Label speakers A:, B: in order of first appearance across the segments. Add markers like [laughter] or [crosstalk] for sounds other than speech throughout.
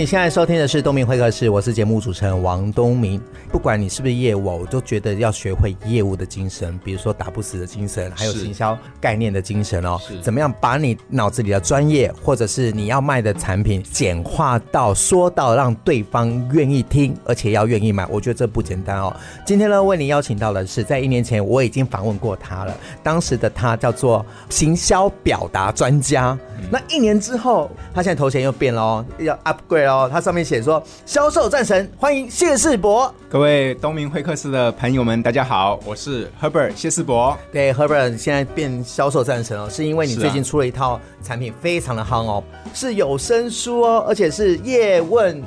A: 你現在收聽的是東明會客室，我是節目主持人王東明。不管你是不是業務，我都覺得要學會業務的精神，比如說打不死的精神，還有行銷概念的精神哦、喔。怎麼樣把你腦子裡的專業，或者是你要賣的產品，簡化到說到讓對方願意聽，而且要願意買？我覺得這不簡單哦、喔。今天呢，為你邀請到的是，在一年前我已經訪問過他了。當時的他叫做行銷表達專家、嗯。那一年之後，他現在頭銜又變了哦、喔，要 upgrade。哦，它上面寫說銷售戰神，歡迎解世博。
B: 各位東明會客室的朋友們，大家好，我是 Herbert 解世博。對，Herbert 現在變
A: 銷售戰神哦，是因為你最近出了一套產品，非常的夯哦是、啊，是有聲書哦，而且是業問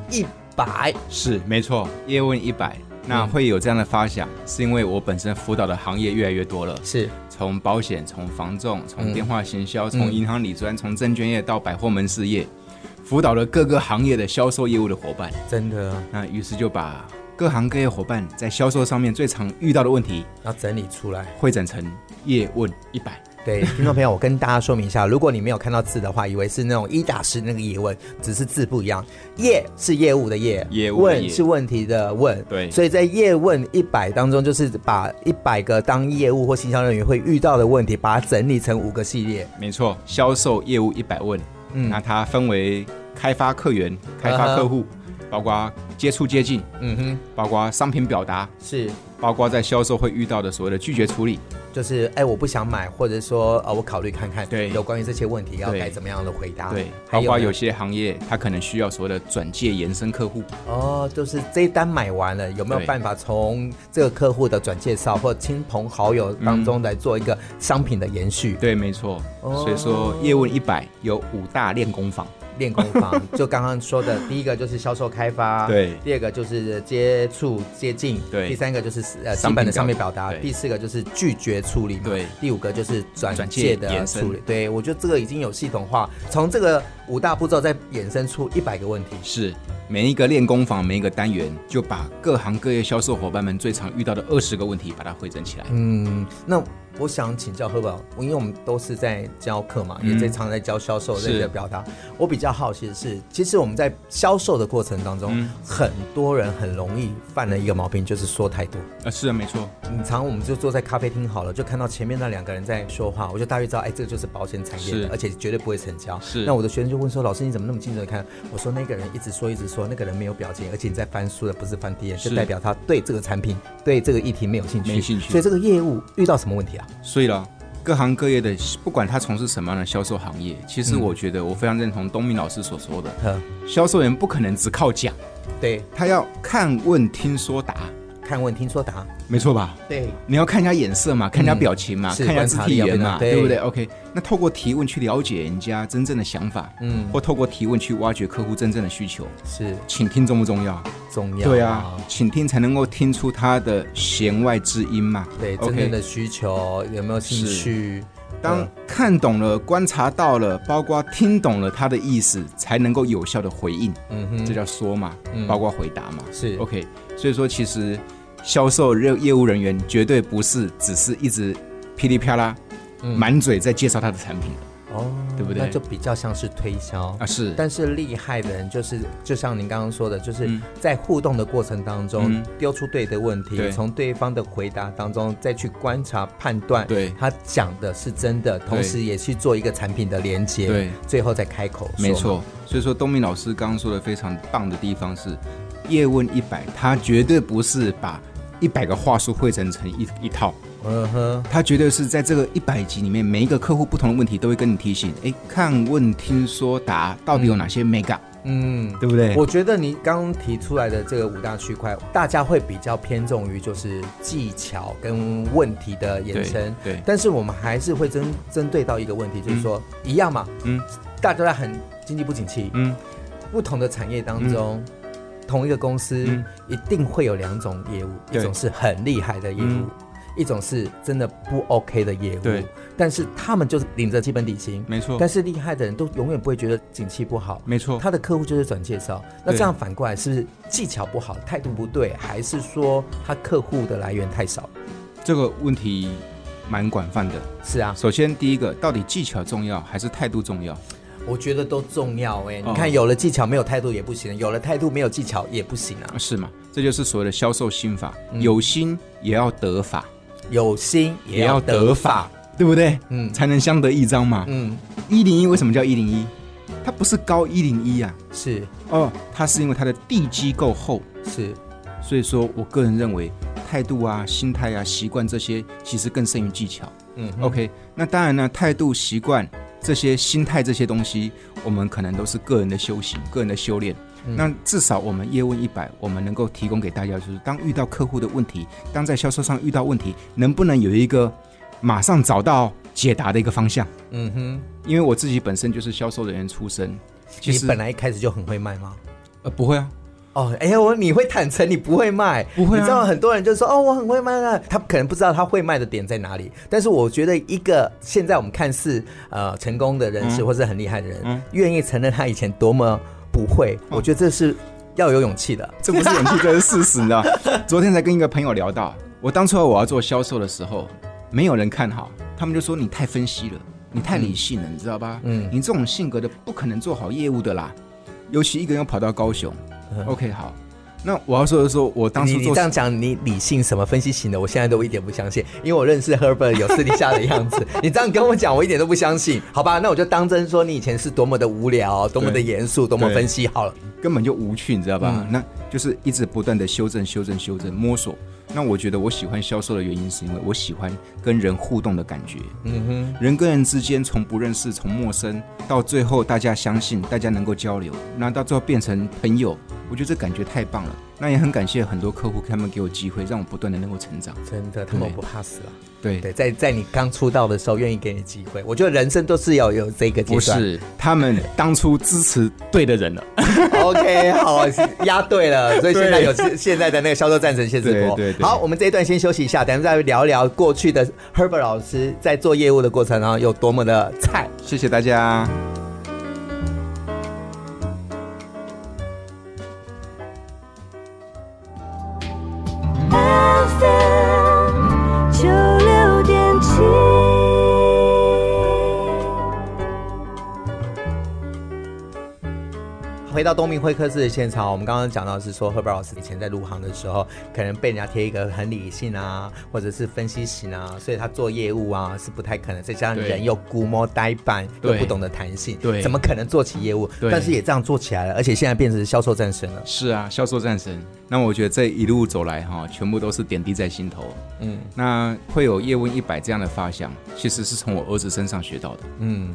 A: 100。
B: 是，沒錯，業問100。那會有這樣的發想、嗯，是因為我本身輔導的行業越來越多了，是，從保險，從房仲，從電話行銷，嗯、從銀行理專，從證券業到百貨門事業。輔導了各個行業的銷售業務的夥伴，真的啊，那於是就把各行各業夥伴在銷售上面最常遇到的問題，然後整理出來，彙整成《業問一百》。
A: 對，聽眾朋友， [laughs] 我跟大家說明一下，如果你沒有看到字的話，以為是那種一打十那個葉問，只是字不一樣。業是業務的業，業務的業，問是問題的問。對，所以在《業問一百》當中，就是把一百個當業務或行銷人員會遇到的問題，把它整理
B: 成五個系列。沒錯，銷售業務一百問。嗯，那它分為開發客源、開發客戶，啊，包括接觸接近，嗯哼，包括商品表達，是，包括在銷售會遇到的所謂的拒絕處理。
A: 就是哎，我不想買，或者說呃、哦，我考慮看看。對。有關於這些問題要該怎麼樣的回答？對。對，還有有，包括有
B: 些行業，他可能需要所謂的轉介延伸客戶。
A: 哦，就是這一單買完了，有沒有辦法從這個客戶的轉介紹或親朋好友當中來做一個商品的延續？
B: 嗯、對，沒錯、哦。所以說，業問一百有五大練功房。練功房
A: 就剛剛說的，第一個就是銷售開發，對；第二個就是接觸接近，對；第三個就是呃，商品的上面表達，表達，第四個就是拒絕處理嘛，對；第五個就是轉介的處理，對，我覺得這個已經有系統化，從這個五大步驟再衍生出
B: 一百個問題，是每一個練功房每一個單元就把各行各業銷售夥伴們最常遇到的二十個問題把它彙總起來，
A: 嗯，
B: 那。我想請教何寶，
A: 因為我們都是在教課嘛、嗯，也在常在教銷售類的表達。我比較好奇的是，其實我們在銷售的過程當中、嗯，很多人很容易犯了一個毛病、嗯、就是說太多啊。是的、啊，沒錯。你常我們就坐在咖啡廳好了，就看到前面那兩個人在說話，我就大約知道，哎、欸，這個就是保險產業的是，而且絕對不會成交。是。那我的學生就問說，老師你怎麼那麼精準的看？我說那個人一直說一直說，那個人沒有表情，而且你在翻書的不是翻頁，就代表他對這個產品、
B: 對這個議題沒有興趣。沒興趣。所以這
A: 個業務遇到什麼問題啊？
B: 所以了，各行各業的，不管他從事什麼樣的銷售行業，其實我覺得我非常認同東明老師所說的，嗯，銷售員不可能只靠講，對，他要看問聽說答，看問聽說答。沒錯吧？對，你要看人家眼色嘛，看人家表情嘛，嗯、看人家肢體語言嘛要要對，對不對？OK，那透過提問去了解人家真正的想法，嗯，或透過提問去挖掘客戶真正的需求。是，請聽重不重要？重要。對啊，請聽才能夠聽出他的弦外之音嘛。對，OK。真正
A: 的需求有沒有興趣、
B: 嗯？當看懂了、觀察到了，包括聽懂了他的意思，才能夠有效的回應。嗯哼，這叫說嘛，嗯、包括回答嘛。是，OK，所以說其實。銷售業務人員絕對不是只是一直噼裡啪啦，滿嘴在介紹他的產品的，哦、嗯，對不對？那就
A: 比較像是推銷啊，是。但是厲害的人就是，就像您剛剛說的，就是在互動的過程當中，嗯、丟出對的問題，從對方的回答當中再去觀察判斷，對他講的是真的，
B: 同時也去做一個產品的連接，對，最後再開口。沒錯。所以說，東明老師剛剛說的非常棒的地方是，業問一百，他絕對不是把。一百個話術匯整成一一套，嗯哼，他絕對是在這個一百集裡面，每一個客戶不同的問題都會跟你提醒，哎，看、問、聽說答，到底有哪些眉角？嗯，對不對？我覺
A: 得你剛提出來的這個五大區塊，大家會比較偏重於就是技巧跟問題的延伸，對。但是我們還是會針針對到一個問題，就是說、嗯、一樣嘛，嗯，大家都在很經濟不景氣，嗯，不同的產業當中。嗯同一個公司一定會有兩種業務，嗯，一種是很厲害的業務，嗯，一種是真的不 OK 的業務。但是他們就是領着基本底薪，沒錯。但是厲害的人都永遠不會覺得景氣不好，沒錯。他的客戶就是轉介紹，那這樣反過來是不是技巧不好、態度不對，還是說他客
B: 戶的來源太少？這個問題蠻廣泛的。是啊，首先第一個，到底技巧重要還是態度重要？
A: 我覺得都重要哎、欸，你看，有了
B: 技巧沒有態度也不行、哦，有了態度沒有技巧也不行啊。是嘛？這就是所謂的銷售心法、嗯，有心也要得法，有心也要得法，法對不對？嗯，才能相得益彰嘛。嗯，一零一為什麼叫一零一？它不是高一零一啊？是哦，它是因為它的地基夠厚。是，所以說我個人認為，態度啊、心態啊、習慣這些，其實更勝於技巧。嗯，OK，那當然呢、啊，態度、習慣。這些心態、這些東西，我們可能都是個人的修行、個人的修煉。嗯，那至少我們業問100，我們能夠提供給大家，就是當遇到客戶的問題，當在銷售上遇到問題，能不能有一個馬上找到解答的一個方向？嗯哼，因為我自己本身就是銷售人員出身，其實你本來一開始就很會賣嗎？呃，不會啊。哦，哎呀，我你會坦誠，你不會賣，不會、啊，你知道很多人就
A: 說哦，我很會賣的，他可能不知道他會賣的點在哪裡。但是我覺得一個現在我們看似呃成功的人士、嗯，或是很厲害的人、嗯，願意承認他以前多麼不
B: 會，哦、我覺得這是要有勇氣的，哦、這不是勇氣，這、就是事實的，你知道。昨天才跟一個朋友聊到，我當初我要做銷售的時候，沒有人看好，他們就說你太分析了，你太理性了，你知道吧？嗯，你這種性格的不可能做好業務的啦，尤其一個人要跑到高雄。OK，好，那我要說的是，我當初做你，你這樣講，你理
A: 性什麼分析型的，我現在都一點不相信，因為我認識 Herbert 有私底下的樣子， [laughs] 你這樣跟我講，我一點都不相信，好吧？那我就當真說，你以前是多麼的無聊，多麼的嚴肅，多麼分析，
B: 好了，根本就無趣，你知道吧？嗯，那就是一直不斷的修正、修正、修正，摸索。那我覺得我喜歡銷售的原因，是因為我喜歡跟人互動的感覺。嗯哼，人跟人之間從不認識，從陌生到最後大家相信，大家能夠交流，那到最後變成朋友，我覺得這感覺太棒了。那也很感謝很多客戶，他們給我機會，讓我不斷的能夠成長。真的，他們不怕死啊！對對,對，在在你剛出道的時候，願意給你機
A: 會。我覺得人生都是要有這個階段。不是，
B: 他們當初支持對的人
A: 了。 [laughs] OK，好，押對了，所以現在有現在的那個銷售戰神解世博。對對,對對。好，我們這一段先休息一下，等一下再聊一聊過去的 Herbert 老師在做業務的過程啊，有
B: 多麼的菜。謝謝大家。
A: 回到東明會客室的現場，我們剛剛講到是說，赫白老師以前在入行的時候，可能被人家貼一個很理性啊，或者是分析型啊，所以他做業務啊是不太可能。再加上人又估摸呆板，又不懂得彈性，對，對，怎麼可能做起業務？但是也這樣做起來了，而且現在變成銷售戰神了。
B: 是啊，銷售戰神。那我覺得這一路走來哈，全部都是點滴在心頭。嗯，那會有業問一百這樣的發想，其實是從我兒子身上學到的。嗯。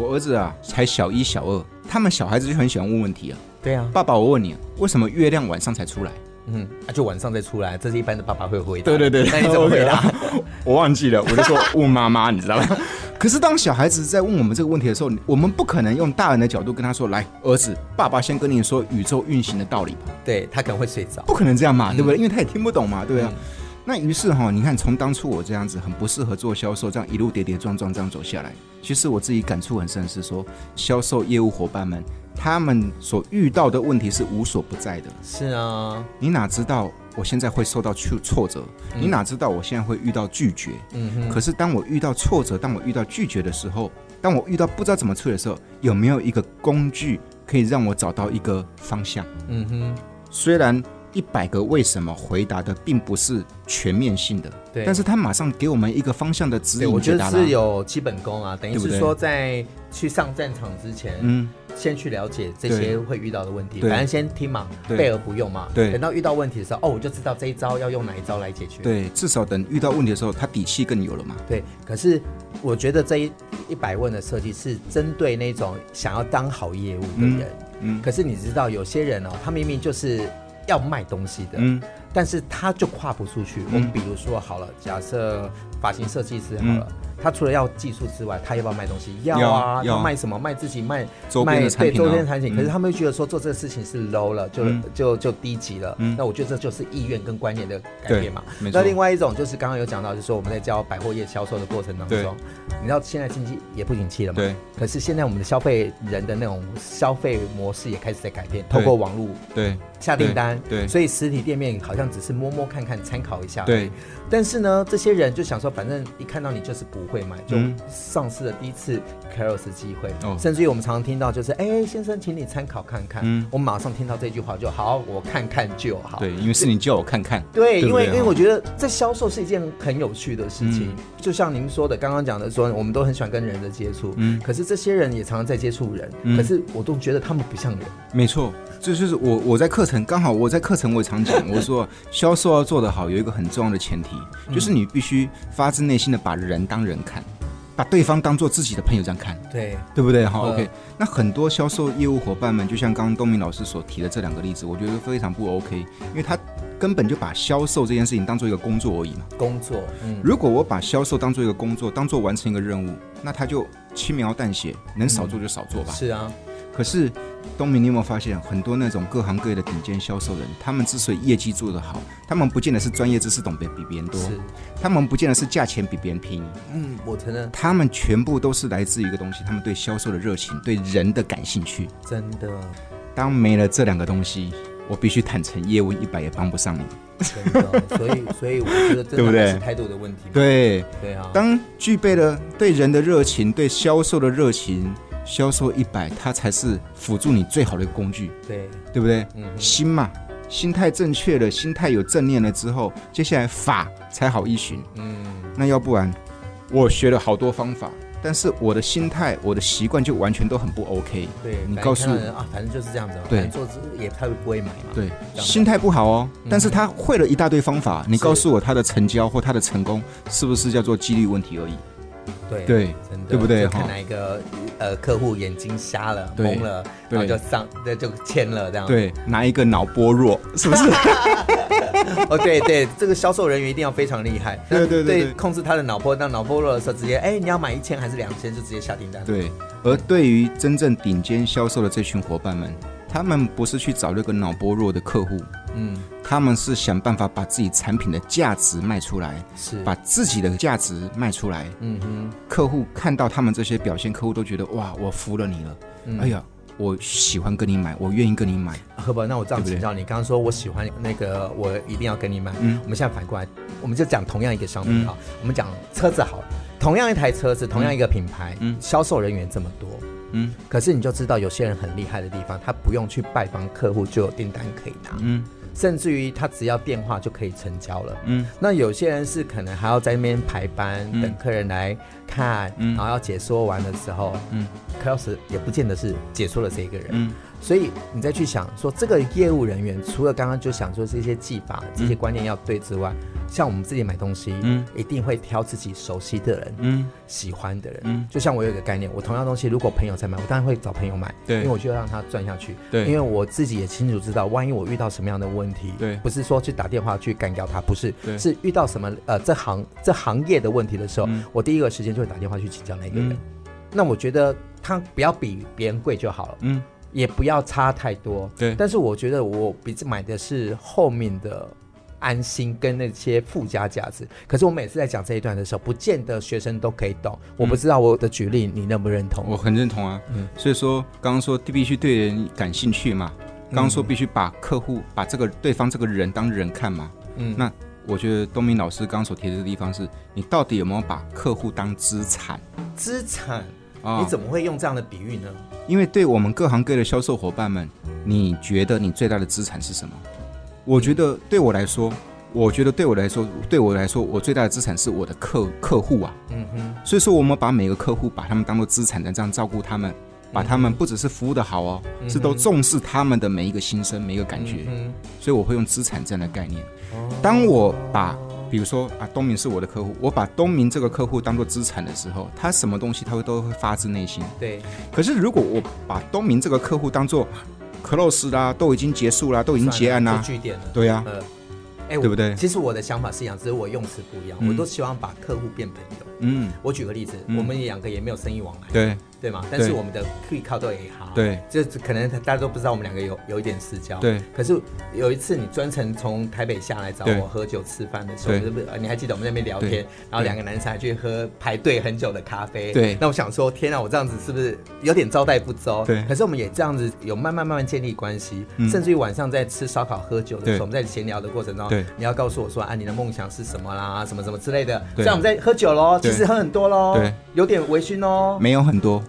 B: 我兒子啊，才小一、小二，他們小孩子就很喜歡問問題啊。對啊，爸爸，我問你，為什麼月亮晚上才出來？嗯，啊，就晚上再出
A: 來，這是一般的爸爸會回答。對對對，那你怎麼回答？Okay.
B: [laughs] 我忘記了，我就說問媽媽， [laughs] 你知道嗎？可是當小孩子在問我們這個問題的時候，我們不可能用大人的角度跟他說，來，兒子，爸爸先跟你說宇宙運行的道理吧。對，他可能會睡着，不可能這樣嘛，對不對、嗯？因為他也聽不懂嘛，對啊。嗯那於是哈、哦，你看，從當初我這樣子很不適合做銷售，這樣一路跌跌撞撞這樣走下來，其實我自己感觸很深，是說銷售業務夥伴們，他們所遇到的問題是無所不在的。
A: 是啊，
B: 你哪知道我現在會受到挫挫折，嗯？你哪知道我現在會遇到拒絕？嗯哼。可是當我遇到挫折，當我遇到拒絕的時候，當我遇到不知道怎麼處理的時候，有沒有一個工具可以讓我找到一個方向？嗯哼。雖然。一百個為什麼回答的並不是全面性的，對，但是他馬上給我們一個方向的指引。我覺得是有
A: 基本功啊，等於是說在去上戰場之前，嗯，先去了解這些會遇到的問題，反正先聽嘛，備而不用嘛，對，等到遇到問題的時候，哦，我就知道這一招要用哪一招來解決。對，
B: 至少等遇到問題的時候，他底氣更有了嘛。對，可是我覺得這一
A: 一百問的設計是針對那種想要當好業務的人，嗯，嗯，可是你知道有些人哦，他明明就是，要賣東西的，嗯，但是他就跨不出去。嗯、我們比如說好了，假設髮型設計師好了、嗯，他除了要技術之外，他要不要賣東西？要啊，要啊賣什麼？賣自己賣周邊產、啊、產品，對周邊產品。可是他們又覺得說做這個事情是 low 了，就、嗯、就就低級了。嗯，那我覺得這就是意願跟觀念的改變嘛。對，沒錯。那另外一種就是剛剛有講到，就是說我們在教百貨業銷售的過程當中，對，你知道現在經濟也不景氣了嗎？對，可是現在我們的消費人的那種消費模式也開始在改變，透過網絡，
B: 對。下訂單對，對，所
A: 以實體店面好像只是摸摸看看，參考一下對。對，但是呢，這些人就想說，反正一看到你就是不會買，嗯、就喪失了第一次 Close 的機會、哦。甚至於我們常常聽到，就是哎、欸，先生，請你參考看看、嗯。我馬上聽到這句話就好，我看看就
B: 好。對，因為是你叫我看看。對，因為、啊、因為我覺
A: 得在銷售是一件很有趣的事情，嗯、就像您說的，剛剛講的說，我們都很喜歡跟人的接觸。嗯，可是這些人也常常在接觸人、嗯，可是我都覺得他們不像人。
B: 沒錯，就，就是我我在客。剛好我在課程我也常講，我說銷售要做得好，有一個很重要的前提，就是你必須發自內心的把人當人看，把對方當做自己的朋友這樣看，對，對不對？哈，OK。那很多銷售業務夥伴們，就像剛剛東明老師所提的這兩個例子，我覺得非常不 OK，因為他根本就把銷售這件事情當做一個工作而已嘛。工作，嗯。如果我把銷售當做一個工作，當做完成一個任務，那他就輕描淡寫，能少做就少做吧。嗯，是啊。可是，東明，你有沒有發現很多那種各行各業的頂尖銷售人，他們之所以業績做得好，他們不見得是專業知識懂得比別人多，他們不見得是價錢比別人便宜。嗯，
A: 我承認，
B: 他們全部都是來自一個東西，他們對銷售的熱情，對人的感興趣。真的，當沒了這兩個東西，我必須坦誠，業問100也幫不上你。 [laughs] 真的。
A: 所以，所以我覺得真的是態度的問題，對對。對，對啊。當
B: 具備了對人的熱情，對銷售的熱情。銷售一百，它，才是輔助你最好的一個工具，對，對不對？嗯，心嘛，心態正確了，心態有正念了之後，接下來法才好依循。嗯，那要不然我學了好多方法，嗯、但是我的心態、嗯、我的習慣就完全都很不 OK。對，你告訴我人
A: 啊，反正就是這樣子。對，做資也他不，不會買嘛。
B: 對，心態不好哦、嗯，但是他會了一大堆方法、嗯，你告訴我他的成交或他的成功，是，是不是叫做幾率問題而已？對對真的，對不對？看哪
A: 一個、哦、呃客戶眼睛瞎了、矇了，然後就上，那就簽
B: 了這樣。對，拿一個腦波弱，是不是？哦， [laughs] [laughs] 對對，對，
A: 對，這個銷售人員一定要非常厲害。對對對，對對控制他的腦波，當腦波弱的時候，直接，哎，你要買一千還是兩千，就直接下訂單。對、
B: 嗯，而對於真正頂尖銷售的這群夥伴們，他們不是去找那個腦波弱的客戶，嗯。他們是想辦法把自己產品的價值賣出來，是把自己的價值賣出來。嗯哼，客戶看到他們這些表現，客戶都覺得哇，我服了你了，嗯。哎呀，我喜歡跟你買，我願意跟你買。
A: 啊、好吧，那我這樣請教你對不對，剛剛說我喜歡那個，我一定要跟你買。嗯，我們現在反過來，我們就講同樣一個商品哈，我們講車子好，同樣一台車子，同樣一個品牌，嗯，銷售人員這麼多，嗯，可是你就知道有些人很厲害的地方，他不用去拜訪客戶就有訂單可以拿，嗯。甚至於他只要電話就可以成交了。嗯，那有些人是可能還要在那邊排班、嗯、等客人來看、嗯，然後要解說完的時候，嗯，Close 也不見得是解說了這一個人。嗯所以你再去想說，這個業務人員除了剛剛就想說這些技法、嗯、這些觀念要對之外，像我們自己買東西，嗯，一定會挑自己熟悉的人，嗯，喜歡的人，嗯、就像我有一個概念，我同樣東西如果朋友在買，我當然會找朋友買，對，因為我就要讓他賺下去，對，因為我自己也清楚知道，萬一我遇到什麼樣的問題，對，不是說去打電話去幹掉他，不是，是遇到什麼呃這行這行業的問題的時候、嗯，我第一個時間就會打電話去請教那個人，嗯、那我覺得他不要比別人貴就好了，嗯。也不要差太多，對。但是我覺得我比買的是後面的安心跟那些附加價值。可是我每次在講這一段的時候，不見得學生都可以懂。我不知道我的舉
B: 例你認不認同？嗯、我很認同啊。嗯，所以說剛剛說必須對人感興趣嘛，剛剛說、嗯、必須把客戶把這個對方這個人當人看嘛。嗯，那我覺得東明老師剛剛所提的地方是你到底有沒有把客戶當資產？
A: 資產。
B: 你怎麼
A: 會用這樣的比喻呢？哦嗯、
B: 因為對我們各行各業的銷售夥伴們，你覺得你最大的資產是什麼、嗯？我覺得對我來說，我覺得對我來說，對我來說，我最大的資產是我的客客戶啊。嗯哼。所以說，我們把每個客戶把他們當做資產的這樣照顧他們，把他們不只是服務得好哦、嗯，是都重視他們的每一個心聲，每一個感覺。嗯、所以我會用資產這樣的概念。當我把。比如說啊，東明是我的客戶，我把東明這個客戶當做資產的時候，他什麼東西他會都會發自內心。對。可是如果我把東明這個客戶當做 close 啦，都已經結束啦，都已經結案啦。句點了。對呀、
A: 啊。哎、呃欸，對不對？其實我的想法是一樣，只是我用詞不一樣。我都希望把客戶變朋友。嗯。我舉個例子，嗯、我們兩個也沒有生意往來。對。對嘛？但是我們的以靠都也好。對，就是可能大家都不知道我們兩個有有一點私交。對。可是有一次你專程從台北下來找我喝酒吃飯的時候，是不是？你還記得我們在那邊聊天，然後兩個男生還去喝排隊很久的咖啡。對。哎、那我想說，天啊，我這樣子是不是有點招待不周？對。可是我們也這樣子有慢慢慢慢建立關係，嗯、甚至於晚上在吃燒烤喝酒的時候，我們在閒聊的過程中，你要告訴我說，啊，你的夢想是什麼啦，什麼什麼之類的。對。像我們在喝酒嘍，其實喝很
B: 多嘍。對。
A: 有點微醺哦。沒有很多。哈、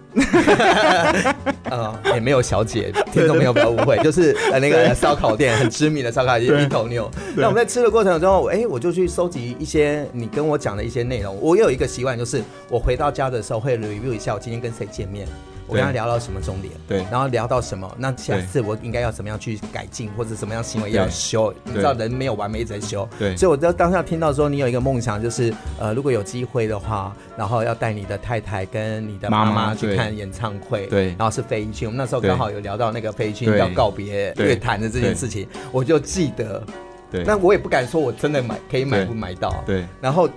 A: [laughs] 嗯、也、欸、沒有小姐， [laughs] 聽眾沒有，不要誤會，就是那個燒烤店，很知名的燒烤店一頭牛。那我們在吃的過程中，哎、欸，我就去收集一些你跟我講的一些內容。我也有一個習慣，就是我回到家的時候會 review 一下我今天跟誰見面。我跟他聊到什麼重點？對，然後聊到什麼？那下次我應該要怎麼樣去改進，或者怎麼樣行為要修？你知道人沒有完美，一直在修。對，所以我在當下聽到說你有一個夢想，就是呃，如果有機會的話，然後要帶你的太太跟你的媽媽去看演唱會。媽媽，對，然後是費玉清。我們那時候剛好有聊到那個費玉清要告別樂壇的這件事情，我就記得。對。那我也不敢說，我真的買可以買不買到？對。對，然後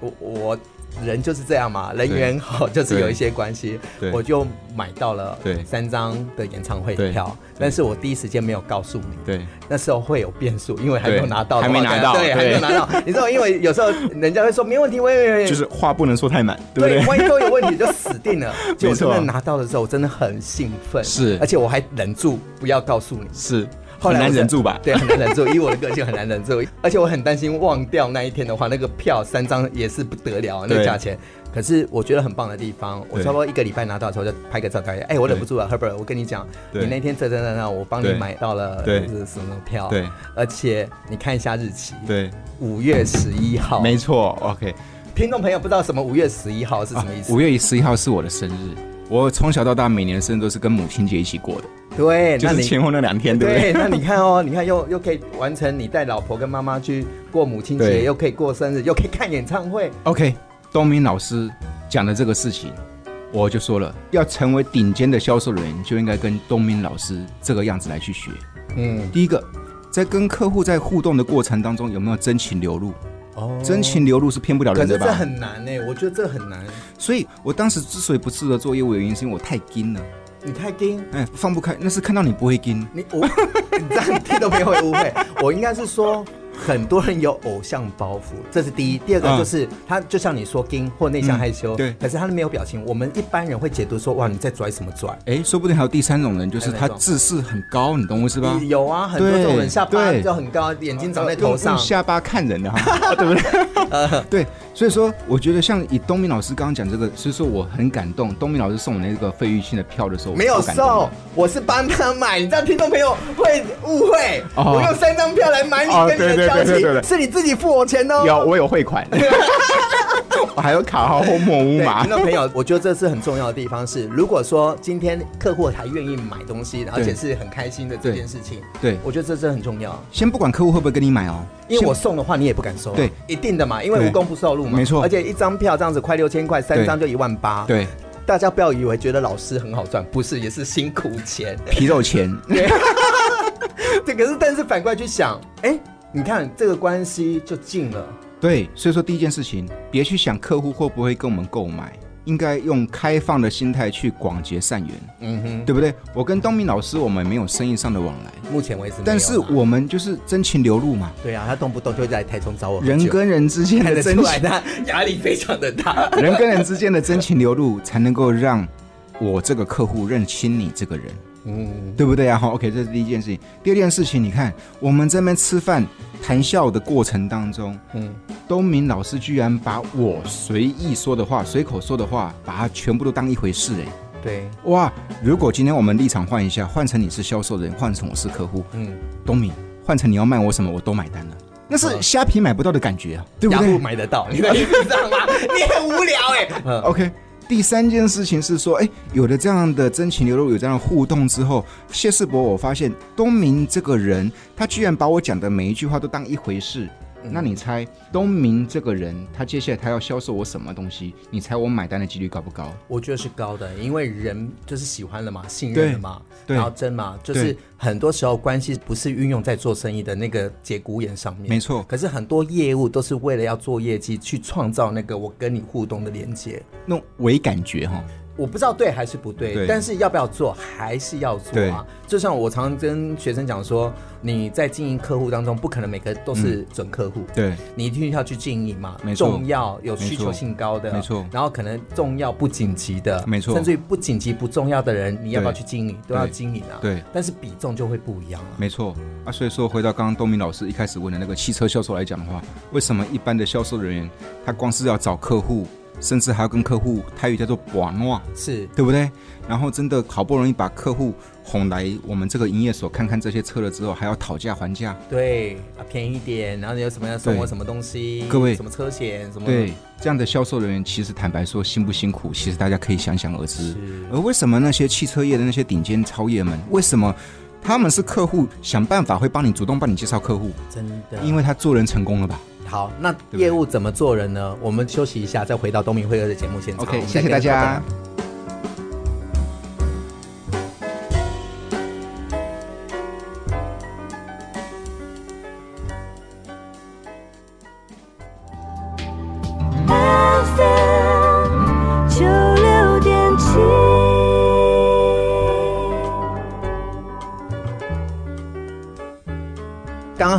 A: 我，我我。人就是這樣嘛，人緣好就是有一些關係，我就買到了三張的演唱會票，但是我第一時間沒有告訴你，對，那時候會有變數，因為還沒有拿到對，還沒拿到對，對，還沒有拿到， [laughs] 你知道，因為有時候人家會說 [laughs] 沒問題，我也有，就是
B: 話不能說太滿，對，萬一都有問題就
A: 死定了。 [laughs] 沒錯。就真的拿到的時候我真的很興奮，是，而且我還忍住不要告訴你，是。很難忍住吧？對，很難忍住。以 [laughs] 我的個性很難忍住，而且我很擔心忘掉那一天的話，那個票三張也是不得了，那個價錢。可是我覺得很棒的地方，我差不多一個禮拜拿到的時候就拍個照片。哎、欸，我忍不住了，Herbert，我跟你講，你那天在在在在，我幫你買到了對，就是什麼票？對，而且你看一下日期，
B: 對，五月十一號，嗯、沒錯。OK，
A: 聽眾朋友不知道什麼五月十一號是什麼意思？五、
B: 啊、五月十一號是我的生日，我從小到大每年的生日都是跟母親節一起過的。
A: 對，就是前後那
B: 兩天，對，對，對 [laughs] 那你
A: 看哦，你看又又可以完成你帶老婆跟媽媽去過母親節，又可以過生日，又可以看演唱會。
B: OK，東明老師講的這個事情，我就說了，要成為頂尖的銷售人員，就應該跟東明老師這個樣子來去學。嗯，第一個，在跟客戶在互動的過程當中，有沒有真情流露？哦，真情流露是騙不了人的吧？這很
A: 難呢、欸，我覺得這很難。
B: 所以我當時之所以不適合做業務員，是因為我太緊了。你太精，哎、欸，放不開，那是看到你不會精你 n 你
A: 這樣聽都沒
B: 會誤會， [laughs] 我應該是說。很多人有偶像包
A: 袱，這是第一。第二個就是、嗯、他，就像你說，金或內向害羞、嗯，對。可是他沒有表情，我們一般人會解讀說，哇，你在拽什麼拽？
B: 哎，說不定還有第三種人，就是他自視很高，你懂我意思吧？有啊，很多種人，下巴就很
A: 高，眼睛長在頭上，下
B: 巴看人哈、啊 [laughs] 哦，對不對、 [laughs] 呃？對。所以說，我覺得像以東明老師剛剛講這個，所以說我很感動。東明老師送我那個費玉清的票的時候，沒有送，
A: 我是幫他買，你知道聽眾朋友會誤會、哦，我用三張票來買你跟你的。哦對對對對對，是你自己付我錢哦。對對對對對，有我有匯款， [laughs] [laughs] 我還有卡號和木屋嘛。那朋友，我覺得這是很重要的地方是，如果說今天客戶還願意買東西，而且是很開心的這件事情，對，對對，我覺得這是很重要。
B: 先不管客戶會不會跟你買哦，因為我
A: 送的話你也不敢收，對，一定的嘛，因為無功不受祿嘛，沒錯。而且一張票這樣子快六千塊，三張就一萬八對，對。大家不要以為覺得老師很好賺，不是，也是辛苦錢、皮肉錢。對， [laughs] 對，可是但是反過來去想，哎、欸。你看這個關係就近了，
B: 對，所以說第一件事情，別去想客戶會不會跟我們購買，應該用開放的心態去廣結善緣，嗯哼，對不對？我跟東明老師，我們沒有生意上的往來，
A: 目前為止、啊，但是
B: 我們就是真情流露嘛，
A: 對啊，他動不動就在台中找我，人跟
B: 人之間的真情，看得出來
A: 他壓力非常的大， [laughs] 人跟
B: 人之間的真情流露，才能夠讓我這個客戶認清你這個人。嗯，嗯，對不對啊？好 o k 這是第一件事情。第二件事情，你看我們這邊吃飯談笑的過程當中，嗯，嗯，東明老師居然把我隨意說的話、隨口說的話，把它全部都當一回事哎、欸。對、嗯，嗯、哇，如果今天我們立場換一下，換成你是銷售人，換成我是客戶，嗯，嗯，嗯、東明，換成你要賣我什麼，我都買單了。那是蝦皮買不到的感覺啊，嗯嗯對不對？買得到，你知道嗎？ [laughs] 你很無聊哎、欸。 [laughs] OK。第三件事情是說，哎，有了這樣的真情流露，有這樣的互動之後，解世博，我發現東明這個人，他居然把我講的每一句話都當一回事。嗯、那你猜東明這個人，他接下來他要銷售我什麼東西？你猜我買單的幾率高不高？
A: 我覺得是高的，因為人就是喜歡了嘛，信任了嘛，
B: 對，然後真嘛，就是很多時
A: 候關係不是運用在做生意的那個節骨眼上面。沒錯，可是很多業務都是為了要做業績，去創造那個我跟你互動的連接，
B: 那我也感覺哈、哦。
A: 我不知道對還是不對，對，但是要不要做還是要做啊。就像我常常跟學生講說，你在經營客戶當中，不可能每個都是準客戶，嗯、對，你一定要去經營嘛。重要有需求性高的沒錯，然後可能重要不緊急的沒錯，甚至於不緊急不重要的人，你要不要去經營？都要經營啊。對，但是比重就會不一
B: 樣了、啊。沒錯啊，所以說回到剛剛東明老師一開始問的那個汽車銷售來講的話，為什麼一般的銷售人員他光是要找客戶？甚至還要跟客戶台語，叫做玩玩，是對不對？然後真的好不容易把客戶哄來我們這個營業所看看這些車了之後，還要討價還價。
A: 對啊，便宜一點，然後你有什麼要送我什麼東西？各位，什麼車險？什麼？對？
B: 對，這樣的銷售人員其實坦白說辛不辛苦？其實大家可以想想而知是。而為什麼那些汽車業的那些頂尖超業們，為什麼他們是客戶想辦法會幫你主動幫你介紹客戶？
A: 真的，因
B: 為他做人成功了吧？
A: 好，那業務怎麼做人呢對對？我們休息一下，再回到東明輝哥的節目現場，okay。謝謝大家。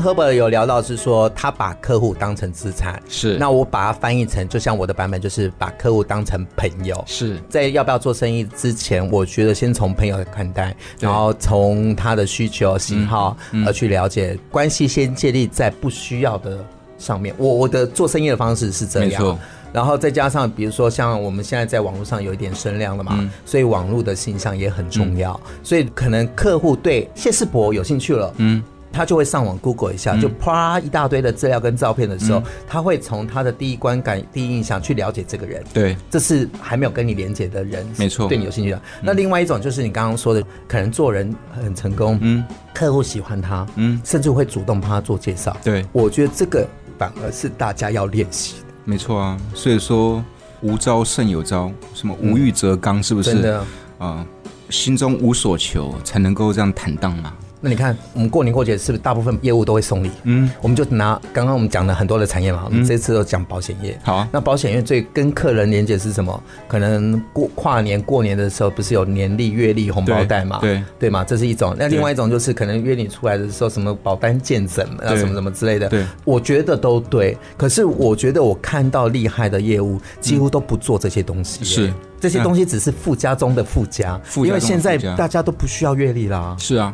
A: 赫伯有聊到是說他把客戶當成資產，是，那我把它翻譯成，就像我的版本就是把客戶當成朋友，是，在要不要做生意之前，我覺得先從朋友看待，然後從他的需求喜好而去了解、嗯嗯、關係，先建立在不需要的上面。我我的做生意的方式是這樣，然後再加上比如說像我們現在在網絡上有一點聲量了嘛，嗯、所以網絡的形象也很重要，嗯，所以可能客戶對解世博有興趣了，嗯。他就會上網 Google 一下，嗯、就啪一大堆的資料跟照片的時候，嗯、他會從他的第一觀感、第一印象去了解這個人。對，這是還沒有跟你連接的人，沒錯，對你有興趣的、嗯。那另外一種就是你剛剛說的，可能做人很成功，嗯，客
B: 戶喜歡他，嗯，甚至會主動幫他做介紹。對、嗯，我覺得這個反而是大家要練習的。沒錯啊，所以說無招勝有招，什麼無欲則剛、嗯，是不是？啊、呃，心中無所求，才能夠這樣坦蕩嘛。
A: 那你看，我們過年過節是不是大部分業務都會送禮？嗯，我們就拿剛剛我們講了很多的產業嘛，我們這次都講保險業、嗯。好啊，那保險業最跟客人連接是什麼？可能過跨年過年的時候，不是有年歷、月曆、紅包袋嘛？對，對嘛，這是一種。那另外一種就是可能約你出來的時候，什麼保單見證啊，什麼什麼之類的。對，我覺得都對。可是我覺得我看到厲害的業務，幾乎都不做這些東西、欸嗯。是，這些東西只是
B: 附加,附,加附加中的附加，因為現在大
A: 家都不需要月曆啦。
B: 是啊。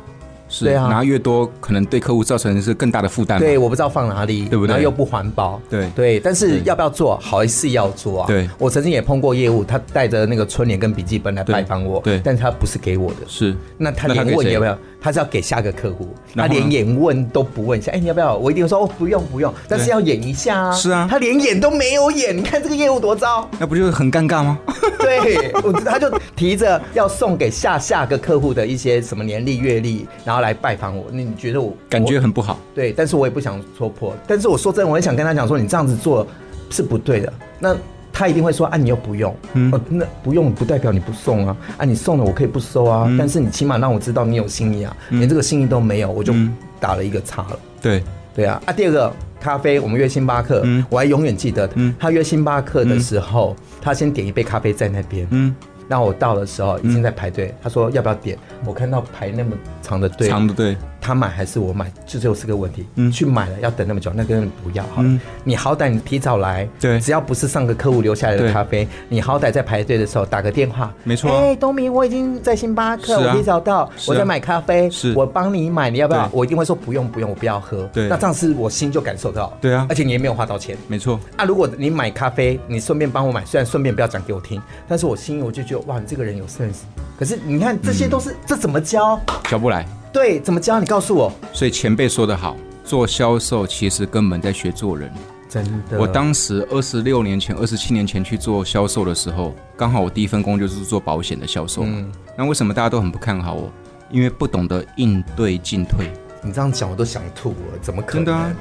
B: 是，對啊。拿越多可能對客戶造成是更大的負擔。對，我不知道放哪裡，對不對？然後又不環保。對
A: 對，但是要不要做好，
B: 還是要做啊？對，
A: 我曾經也碰過業務，他帶着那個春聯跟筆記本來拜訪我。對，對，但是他不是給我的，是。那他連那他問你要不要？他是要給下個客戶，他連演問都不問一下。哎，你要不要？我一定說哦，不用不用，但是要演一下啊。是啊，他連演都沒有演，你看這個業務多糟，那不就是很尷尬嗎？ [laughs] 對，我知道他就提着要送給下下個客戶的一些什麼年曆、月曆，然後。他來拜訪
B: 我，那你覺得我感覺很不好。
A: 對，但是我也不想戳破。但是我說真的，我很想跟他講說，你這樣子做是不對的。那他一定會說，啊，你又不用，嗯，啊、那不用不代表你不送啊，啊，你送了我可以不收啊，嗯、但是你起碼讓我知道你有心意啊、嗯。連這個心意都沒有，我就打了一個叉了。對對啊，啊，第二個咖啡，我們約星巴克，嗯、我還永遠記得、嗯，他約星巴克的時候，嗯、他先點一杯咖啡在那邊，嗯。那我到的時候已經在排隊，他說要不要點？我看到排那麼長的隊，長的隊，他買還是我買？就只有這個問題。嗯，去買了要等那麼久，那根本不要哈。你好歹你提早來，對，只要不是上個客戶留下來的咖啡，你好歹在排隊的時候打個電話，沒錯。哎，東明，我已經在星巴克，我提早到，我在買咖啡，是，我幫你買，你要不要？我一定會說不用不用，我不要喝。對，那這樣子我心就感受到，對啊，而且你也沒有花到錢，沒錯。那如果你買咖啡，你順便幫我買，雖然順便不要講給我聽，但是我心我就覺得。哇，你這個人有 sense，可是你看這些都是，嗯、這怎麼教？
B: 教不來。對，怎麼教？你告訴我。所以前輩說得好，做銷售其實根本在學做人。真的。我當時二十六年前，二十七年前去做銷售的時候，剛好我第一份工就是做保險的銷售。嗯。那為什麼大家都很不看好我？因為不懂得應對進退。你這樣講我都想吐了，怎麼可能？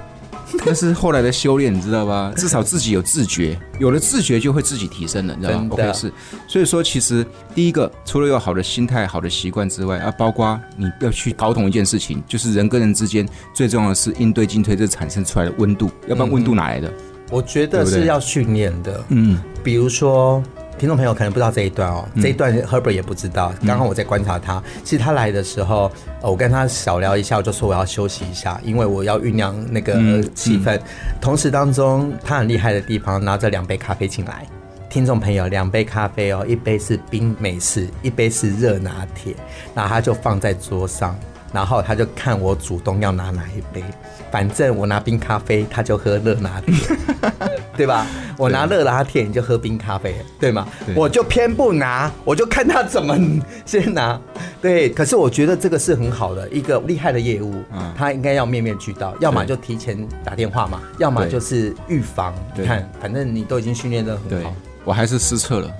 B: [laughs] 但是後來的修煉，你知道吧？至少自己有自覺，有了自覺就會自己提升了，你知道嗎？不會、okay, 是，所以說，其實第一個除了有好的心態、好的習慣之外，啊，包括你要去搞懂一件事情，就是人跟人之間最重要的是應對進退這產生出來的溫度，嗯、要不然溫度哪來的？
A: 我覺得是要訓練的，對對嗯，比如說。聽眾朋友可能不知道這一段哦，這一段 Herbert 也不知道，嗯。剛剛我在觀察他，嗯，其實他來的時候，我跟他小聊一下，我就說我要休息一下，因為我要醞釀那個氣氛，嗯嗯。同時當中，他很厲害的地方，拿着兩杯咖啡進來。聽眾朋友，兩杯咖啡哦，一杯是冰美式，一杯是熱拿鐵，然後他就放在桌上，然後他就看我主動要拿哪一杯。反正我拿冰咖啡，他就喝熱拿鐵， [laughs] 對吧？我拿熱拿鐵，你就喝冰咖啡，對嗎？對？我就偏不拿，我就看他怎麼先拿。對，可是我覺得這個是很好的一個厲害的業務，他、嗯、應該要面面俱到，要麼就提前打電話嘛，要麼就是預防
B: 對。你看，反正你都已經訓練得很好，我還是失策了，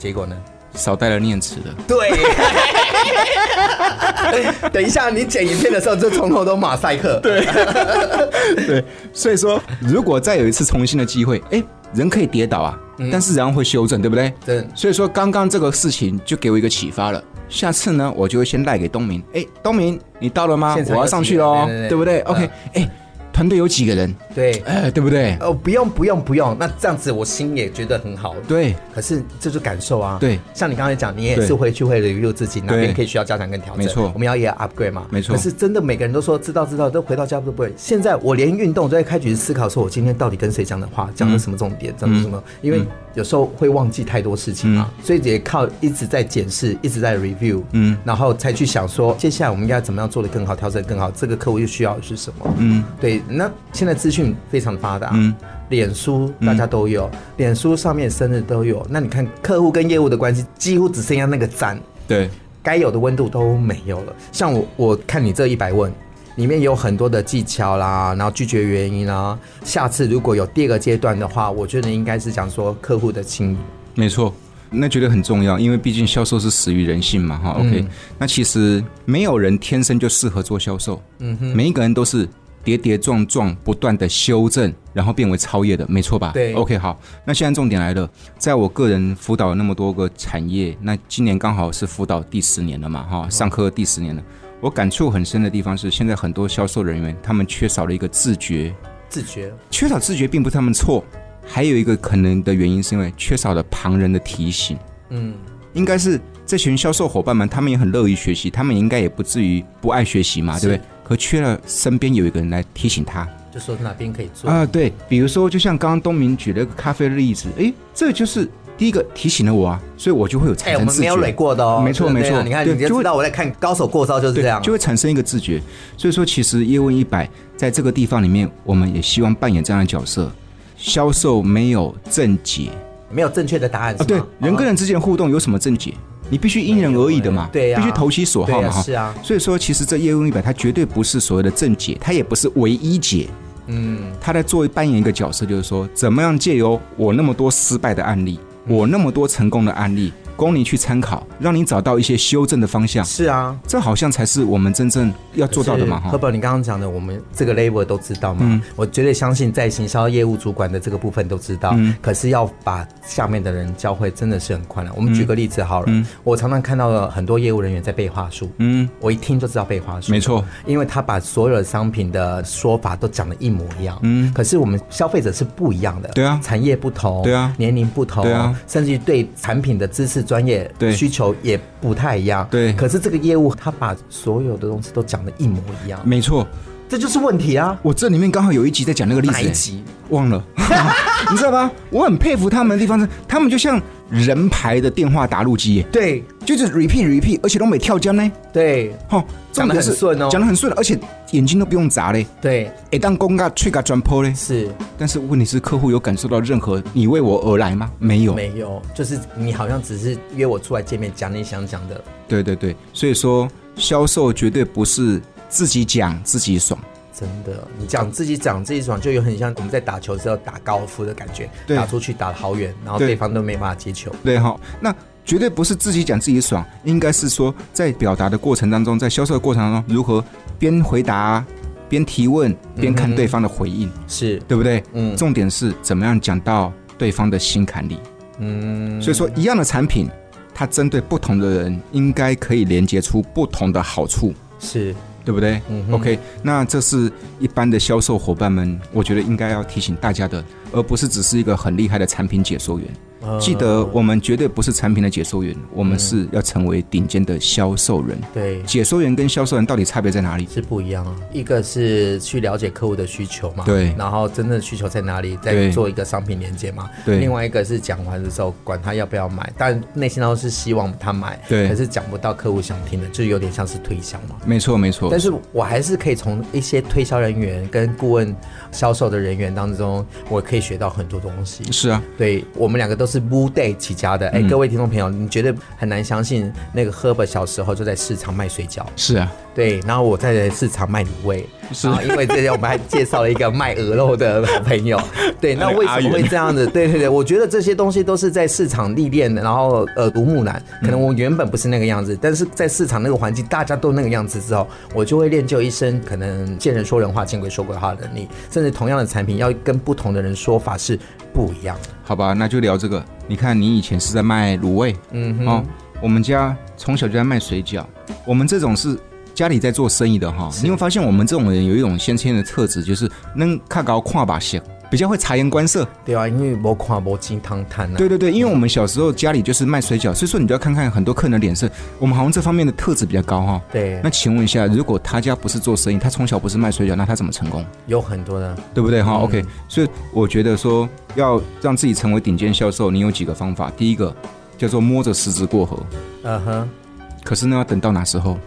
B: 結果呢？少帶了念詞的。對。 [laughs]
A: [laughs] 等一下，你剪影片的時候，這
B: 從頭都馬賽克。 [laughs] 對， [laughs] 對，所以說，如果再有一次重新的機會，哎，人可以跌倒啊、嗯，但是人會修正，對不對？對。所以說，剛剛這個事情就給我一個啟發了。下次呢，我就會先賴給東明。哎，東明，你到了嗎？我要上去咯！對不對？啊。OK，哎、欸。團隊有幾個人？對，哎、欸，對不對？哦，不用，不用，
A: 不用。那這樣子我心也覺得很好。對，可是這是感受啊。對，像你剛才講，你也是回去會 review 自己哪邊可以需要加強跟調整。沒錯，我們要也要 upgrade 嘛。沒錯。可是真的每個人都說知道知道，都回到家都不會。現在我連運動都在開局思考說，我今天到底跟誰講的話，講了什麼重點，怎、嗯、麼什麼、嗯？因為有時候會忘記太多事情啊、嗯，所以也靠一直在檢視，一直在 review，嗯，然後才去想說，接下來我們應該怎麼樣做得更好，調整更好。這個客戶又需要的是什麼？嗯，對。那現在資訊非常發達，嗯，臉書大家都有，嗯、臉書上面生日都有。那你看客戶跟業務的關係，幾乎只剩下那個讚，對，該有的溫度都沒有了。像我我看你這一百問，裡面有很多的技巧啦，然後拒絕原因啦。下次如果有第二個階段
B: 的話，我覺得應該是講說客戶的心理。沒錯，那覺得很重要，因為畢竟銷售是死於人性嘛，哈、嗯。OK，那其實沒有人天生就適合做銷售，嗯哼，每一個人都是。跌跌撞撞，不斷的修正，然後變為超業的，沒錯吧？對。OK，好。那現在重點來了，在我個人輔導那麼多個產業，那今年剛好是輔導第十年了嘛，哈、哦，上課第十年了、嗯。我感觸很深的地方是，現在很多銷售人員他們缺少了一個自覺，自覺，缺少自覺，並不是他們錯，還有一個可能的原因是因為缺少了旁人的提醒。嗯，應該是這群銷售夥伴們，他們也很樂意學習，他們應該也不至於不愛學習嘛，對不對？和缺了身邊有一個人來提醒他，
A: 就說哪邊可以做啊、呃？
B: 對，比如說就像剛剛東明舉了一個咖啡的例子，誒，這就是第一個提醒了我啊，所以我就會有產生自覺。我們沒有累過的哦，沒錯、啊、沒錯。啊、你看你就知道我在看高手過招就是這樣，就會產生一個自覺。所以說，其實業問100在這個地方裡面，我們也希望扮演這樣的角色，銷售沒有正解，沒有正確的答案啊、呃。對，人跟人之間的互動有什麼正解？你必須因人而異的嘛，嗯嗯嗯、對呀、啊，必須投其所好嘛，哈、啊，是啊。所以說，其實這《業問100》它絕對不是所謂的正解，它也不是唯一解，嗯，它在作為扮演一個角色，就是說，怎麼樣借由我那麼多失敗的案例，我那麼多成功的案例。嗯供你去參考，讓你找到一些修正的方向。是啊，這好像才是我們真正要做到的嘛！哈，赫本
A: 你剛剛講的，我們這個 l a b e l 都知道嘛、嗯？我絕對相信，在行銷業務主管的這個部分都知道。嗯，可是要把下面的人教會，真的是很困難。我們舉個例子好了，嗯，我常常看到了很多業務人員在背話術，嗯，我一聽就知道背話術。沒錯，因為他把所有的商品的說法都講得一模一樣。嗯，可是我們消費者是不一樣的。對啊，產業不同。對啊，年齡不同。對啊，甚至於對產品的知識。專業需求也不太一樣，對，可是這個業務他把所有的東西都講的一模一樣，沒
B: 錯，這就是問題啊！我這裡面剛好有一集在講那個例子、欸哪一集，忘了、 [laughs] 啊，你知道吧？我很佩服他們的地方是，他們就像。人牌的電話打錄機，對，就是 repeat repeat，而且都沒跳江呢，對，哦，講的很順哦，講的很順，喔，而且眼睛都不用眨嘞，對，哎，當公噶吹個轉坡嘞，是，但是問題是客戶有感受到任何你為我而來嗎？沒有，沒
A: 有，就是你好像只是約我出來見面講你想講的，
B: 對對對，所以說，銷售絕對不是自己講，自己爽。真的，你
A: 講自己講自己爽，就有很像我們在打球的時候打高爾夫的感覺。對，打出去打得好遠，然後對方都沒辦法接球。
B: 對哈，那絕對不是自己講自己爽，應該是說在表達的過程當中，在銷售的過程當中，如何邊回答邊提問，邊看對方的回應，是、嗯、對不對？嗯，重點是怎麼樣講到對方的心坎裡。嗯，所以說一樣的產品，它針對不同的人，應該可以連接出不同的好處。是。對不對？嗯，OK，那這是一般的銷售夥伴們，我覺得應該要提醒大家的，而不是只是一個很厲害的產品解說員，哦。記得我們絕對不是產品的解說員，嗯、我們是要成為頂尖的銷售人。對，解說員跟銷售人到底差別在哪裡？是不一樣啊。
A: 一個是去了解客戶的需求嘛，對，然後真正的需求在哪裡，再做一個商品連接嘛。對。另外一個是講完的時候，管他要不要買，但內心當中是希望他買。對。可是講不到客戶想聽的，就有點像是推銷嘛。
B: 沒錯，沒錯。但是
A: 我還是可以從一些推銷人員跟顧問、銷售的人員當中，我可以。可以學到很多東西。是啊，對，我們兩個都是無 day 起家的。哎、嗯欸，各位聽眾朋友，你絕對很難相信那個 Herbert 小時候就在市場賣水餃。是啊。對，然後我在市場賣滷味，是、啊、因為這些我們還介紹了一個賣鵝肉的朋友。對，那為什麼會這樣子？對對對，我覺得這些東西都是在市場歷練。然後呃，耳濡目染，可能我原本不是那個樣子，但是在市場那個環境，大家都那個樣子之後，我就會練就一身可能見人說人話，見鬼說鬼話的能力。甚至同樣的產品，要跟不同的人說法是
B: 不一樣的。好吧，那就聊這個。你看，你以前是在賣滷味，嗯哼，哼、哦，我們家從小就在賣水餃。我們這種是。家裡在做生意的哈，你會發現我們這種人有一種先天的特質，就是能看高看低，比較會察言觀色。對
A: 啊，因為無看無錢談談啊。對對
B: 對，因為我們小時候家裡就是賣水餃，所以說你就要看看很多客人的臉色。我們好像這方面的特質比較高哈。對。那請問一下，如果他家不是做生意，他從小不是賣水餃，那他怎麼成功？
A: 有很多的，對不對哈？嗯。OK。
B: 所以我覺得說，要讓自己成為頂尖銷售，你有幾個方法？第一個叫做摸着石子過河。嗯哼。uh-huh。可是呢，要等到哪時候？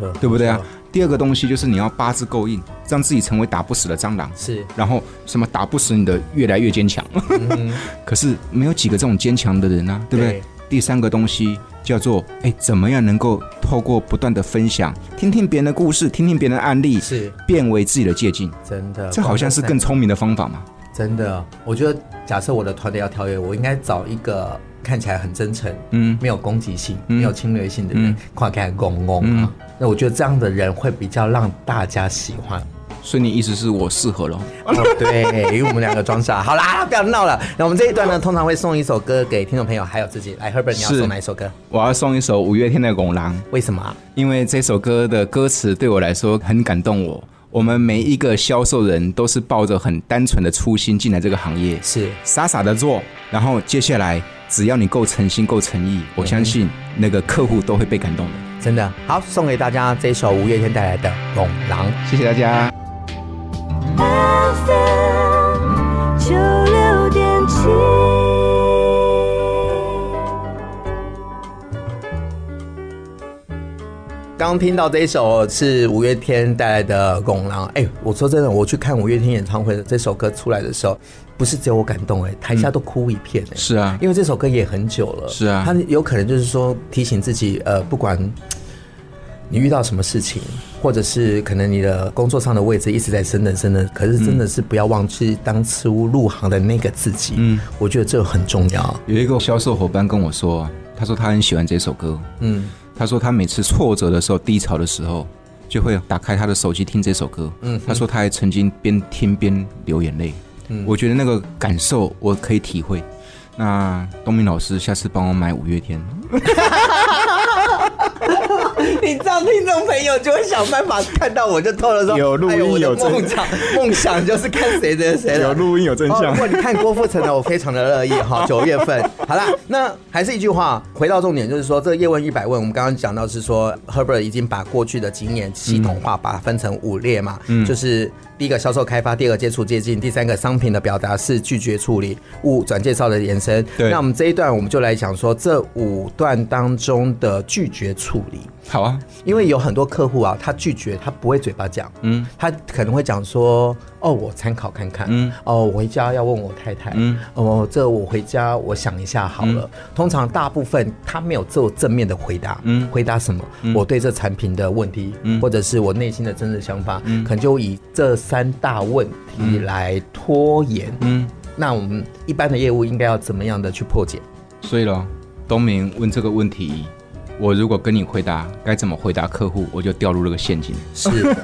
B: 嗯、對不對啊？第二個東西就是你要八字夠硬，讓自己成為打不死的蟑螂。是，然後什麼打不死你的越來越堅強。嗯、 [laughs] 可是沒有幾個這種堅強的人啊，對不對？對。第三個東西叫做哎，怎麼樣能夠透過不斷的分享，聽聽別人的故事，聽聽別人的案例，是變為自己的捷徑。
A: 真的，這好像是更聰明的方法嘛。真的，我覺得假設我的團隊要跳躍，我應該找一個看起來很真誠，嗯，沒有攻擊性、嗯、沒有侵略性的人，跨開拱拱啊。嗯啊那我覺得這樣的人會比較讓大家
B: 喜歡，所以你意思是我適合了？哦，對，因為我們兩個裝傻。好啦，
A: 不要鬧了。那我們這一段呢，通常會送一首歌給聽眾朋友，還有自己。來，Herbert，你要送哪一首歌？
B: 我要送一首五月天的《滾狼》。為什麼？因為這首歌的歌詞對我來說很感動。我，我們每一個銷售人都是抱着很單純的初心進來這個行業，是傻傻的做，然後接下來。只要你夠誠心、夠誠意，我相信那個客戶都會被感動的。真的好，送給大家這
A: 首五月天帶來的
B: 《憨人》，謝謝大家。
A: 剛聽到這首是五月天帶來的《憨人》，哎、欸，我說真的，我去看五月天演唱會的這首歌出來的時候不是只有我感動哎、欸，台下都哭一片。、欸嗯、是啊，因為這首歌也很久了。是啊，他有可能就是說提醒自己，呃，不管你遇到什麼事情，或者是可能你的工作上的位置一直在升等升等，可是真的是不要忘記當初入行的那個自
B: 己。嗯，我覺得這個很重要。有一個銷售夥伴跟我說，他說他很喜歡這首歌。嗯，他說他每次挫折的時候、低潮的時候，就會打開他的手機聽這首歌。嗯，他說他還曾經邊聽邊流眼淚。我覺得那個感受我可以體會，那東明老師下次幫我買五月天。 [laughs] [laughs]
A: [laughs] 你知道聽眾朋友就會想辦法看到我，就偷了說有錄音有真相，夢、哎、想就是看誰誰誰有錄音有真相。真相 oh, 如果你看郭富城的，我非常的樂意哈。九、 [laughs] 哦、月份好了，那還是一句話，回到重點，就是說這個《業問一百問》，我們剛剛講到是說 Herbert 已經把過去的經驗系統化，把它分成五列嘛，嗯、就是第一個銷售開發，第二個接觸接近，第三個商品的表達是拒絕處理，五轉介紹的延伸對。那我們這一段我們就來講說這五段當中的拒絕處。處理好啊，因為有很多客戶啊，他拒絕，他不會嘴巴講，嗯，他可能會講說，哦，我參考看看，嗯，哦，我回家要問我太太，嗯，哦，這我回家我想一下好了。嗯、通常大部分他沒有做正面的回答，嗯，回答什麼？嗯、我對這產品的問題、嗯，或者是我內心的真實想法，嗯、可能就以這三大問題來拖延嗯，嗯，那我們
B: 一般的業務應該要怎麼樣的去破解？所以呢，東明問這個問題。我如果跟你回答該怎麼回答客戶，我就掉入了個陷阱。是，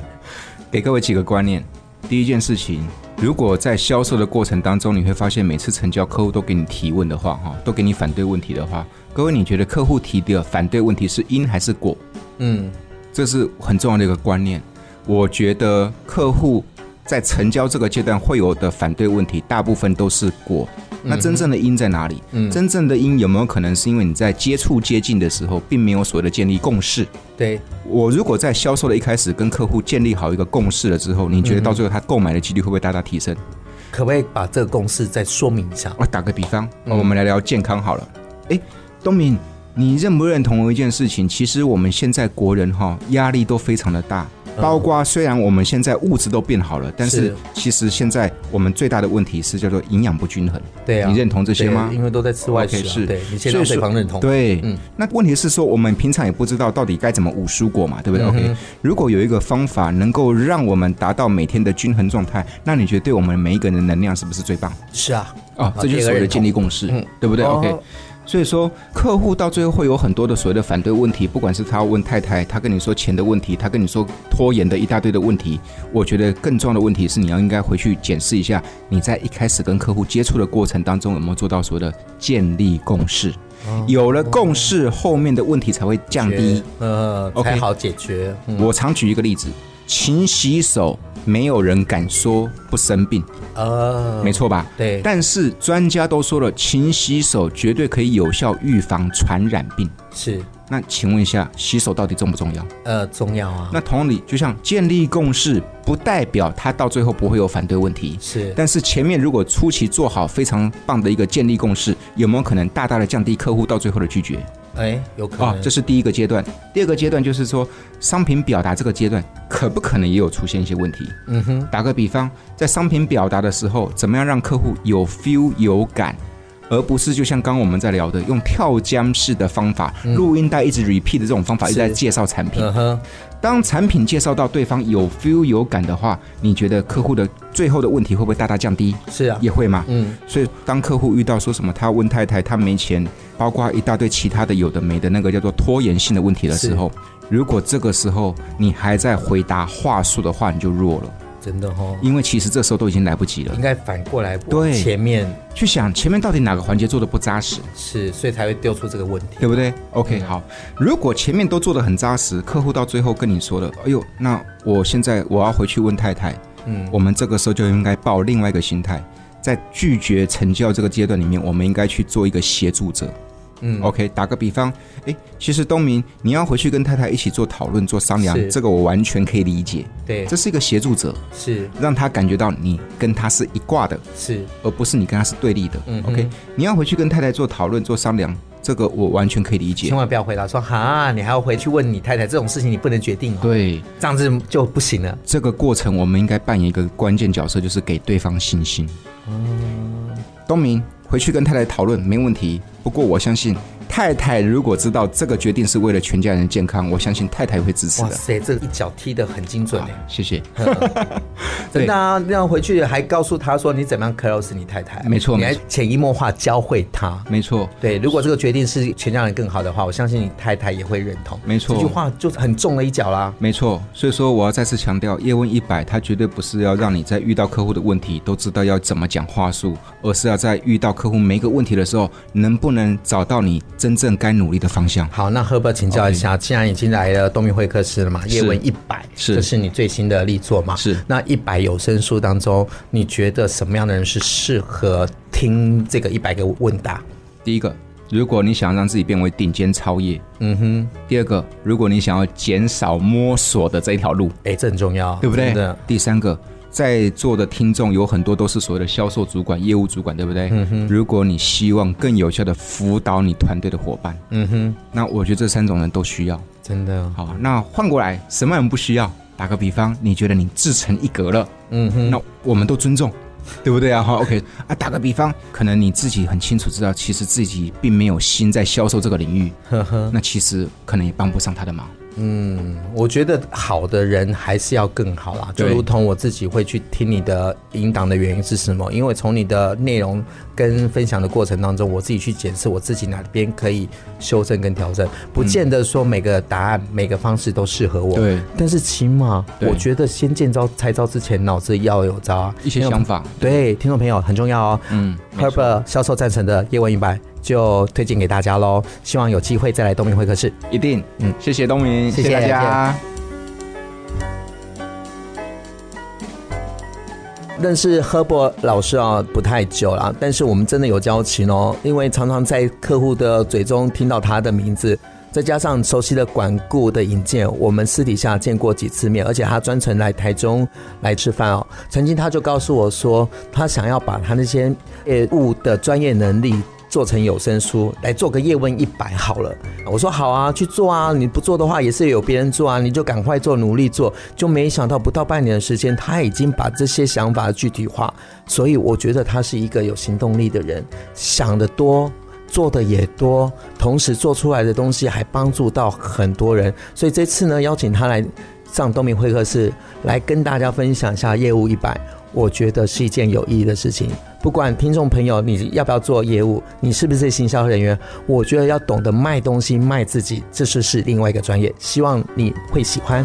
B: [laughs] 給各位幾個觀念。第一件事情，如果在銷售的過程當中，你會發現每次成交客戶都給你提問的話，哈，都給你反對問題的話，各位你覺得客戶提的反對問題是因還是果？嗯，這是很重要的一個觀念。我覺得客戶在成交這個階段會有的反對問題，大部分都是果。那真正的因在哪裡？嗯嗯、真正的因有沒有可能是因為你在接觸接近的時候，並沒有所謂的建立共識？對。我如果在銷售的一開始跟客戶建立好一個共識了之後，你覺得到最後他購買的幾率會不會大大提升？可不可以把這個共識再說明一下？我打個比方，我們來聊健康好了。誒、嗯欸，東明，你認不認同一件事情？其實我們現在國人哈壓力都非常的大。包括雖然我們現在物質都變好了，但是其實現在我們最大的問題是叫做營養不均衡。對啊，你認同這些嗎？因為
A: 都在吃外食、啊。Okay, 是，對，你現在對方認同。對，
B: 嗯。那問題是說，我們平常也不知道到底該怎麼五蔬果嘛，對不對、嗯、？OK，如果有一個方法能夠讓我們達到每天的均衡狀態，那你覺得對我們每一個人的能量是不是最棒？是啊，哦，啊、這就是所謂的建立共識，嗯、對不對、哦、？OK。所以說，客戶到最後會有很多的所謂的反對問題，不管是他要問太太，他跟你說錢的問題，他跟你說拖延的一大堆的問題。我覺得更重要的問題是，你要應該回去檢視一下，你在一開始跟客戶接觸的過程當中，有沒有做到所謂的建立共識？哦、有了共識、哦，後面的問題才會降低，呃，才、okay, 好
A: 解決、嗯。我
B: 常舉一個例子：勤洗手。沒有人敢說不生病。
A: 哦，呃，沒錯吧？
B: 對。但是專家都說了，勤洗手絕對可以有效預防傳染病。是。那請問一下，洗手到底重不重要？呃，重要啊。那同理，就像建立共識，不代表他到最後不會有反對問題。是。但是前面如果初期做好非常棒的一個建立共識，有沒有可能大大的降低客戶到最後的拒絕？哎，有可能啊、哦。這是第一個階段，第二個階段就是說，商品表達這個階段，可不可能也有出現一些問題？嗯哼，打個比方，在商品表達的時候，怎麼樣讓客戶有 feel、有感？而不是就像剛剛我們在聊的，用跳江式的方法，錄、嗯、音帶一直 repeat 的這種方法，是一直在介紹產品、嗯。當產品介紹到對方有 feel 有感的話，你覺得客戶的最後的問題會不會大大降低？是啊，也會嘛。嗯。所以當客戶遇到說什麼他問太太他沒錢，包括一大堆其他的有的沒的那個叫做拖延性的問題的時候，如果這個時候你還在回答話術的話，你就弱了。
A: 真的哦，因
B: 為其實這時候都已經來不及了，應
A: 該反過來對前面
B: 去想，前面到底哪個環節做的不扎實，是所以才會丟出這個問題，對不對？OK，嗯，好，如果前面都做的很扎實，客戶到最後跟你說了，哎呦，那我現在我要回去問太太，嗯，我們這個時候就應該抱另外一個心態，在拒絕成交這個階段裡面，我們應該去做一個協助者。嗯，OK，打個比方，哎、欸，其實東明，你要回去跟太太一起做討論、做商量，這個我完全可以理解。對，這是一個協助者，是讓他感覺到你跟他是一掛的，是，而不是你跟他是對立的。嗯，嗯，OK，你要回去跟太太做討論、做商量，這個我完全可以理解。千萬不要回答說哈，你還要回去問你太太這種事
A: 情，你不能決定，哦。對，這樣子就不行了。
B: 這個過程我們應該扮演一個關鍵角色，就是給對方信心。嗯，東明，回去跟太太討論沒問題。不過，我相信，太太如果知道這個決定是為了全家人健康，我相信太太也會支持的。哇
A: 塞，這一腳踢得很精準哎！
B: 謝謝。
A: [laughs] 對啊，這樣回去還告訴他說：“你怎麼樣？”，close 你太太沒錯，沒錯，你還潛移默化教會他沒錯。對，如果這個決定是全家人更好的話，我相信你太太也會認同。沒錯，這句話就很重了一腳啦。
B: 沒錯，所以說我要再次強調，業問100，他絕對不是要讓你在遇到客戶的問題都知道要怎麼講話術，而是要在遇到客戶每一個問題的時候，能不能找到你。真正該努力的方向。好，那何不請教一下、okay？既然已經來了東明會客室了嘛，《業問一百》這、就是你最新的
A: 力作嘛？是。那一百有聲書當中，你覺得什麼樣的人是適合
B: 聽這個一百個問答？第一個，如果你想要讓自己變為頂尖超業。嗯哼。第二個，如果你想要減少摸索的這一條路，誒、欸，這很重要，對不對？第三個。在座的聽眾有很多都是所謂的銷售主管、業務主管，對不對？嗯哼，如果你希望更有效的輔導你團隊的夥伴，嗯哼，那我覺得這三種人都需要，真的哦。好，那換過來，什麼人不需要？打個比方，你覺得你自成一格了，嗯哼，那我們都尊重， [laughs] 對不對啊？好，okay 啊，打個比方，可能你自己很清楚知道，其實自己並沒有心在銷售這個領域，呵呵，那其實可能也幫不上他的忙。
A: 嗯，我覺得好的人還是要更好啦、啊。就如同我自己會去聽你的引導的原因是什麼？因為從你的內容跟分享的過程當中，我自己去檢視我自己哪邊可以修正跟調整，不見得說每個答案、嗯、每個方式都適合我。對。但是起碼，我覺得先見招拆招之前，腦子要有招、啊。一些想法。對,對，聽眾朋友很重要哦。嗯。Herbert，銷售贊成的夜晚，業問100。就推薦給大家嘍！希望有機會再來東明會客室，一定。嗯，謝謝東明，謝謝大家謝謝。認識赫博老師啊，不太久了，但是我們真的有交情哦。因為常常在客戶的嘴中聽到他的名字，再加上熟悉的管顧的引薦，我們私底下見過幾次面，而且他專程來台中來吃飯哦。曾經他就告訴我說，他想要把他那些業務的專業能力。做成有聲書來做個業問一百好了，我說好啊，去做啊！你不做的話也是有別人做啊，你就趕快做，努力做。就沒想到不到半年的時間，他已經把這些想法具體化，所以我覺得他是一個有行動力的人，想得多，做得也多，同時做出來的東西還幫助到很多人。所以這次呢，邀請他來上東明會客室，來跟大家分享一下業問一百。我覺得是一件有意義的事情。不管聽眾朋友你要不要做業務，你是不是行銷人員，我覺得要懂得賣東西、賣自己，這就是另外一個專業。希望你會喜歡。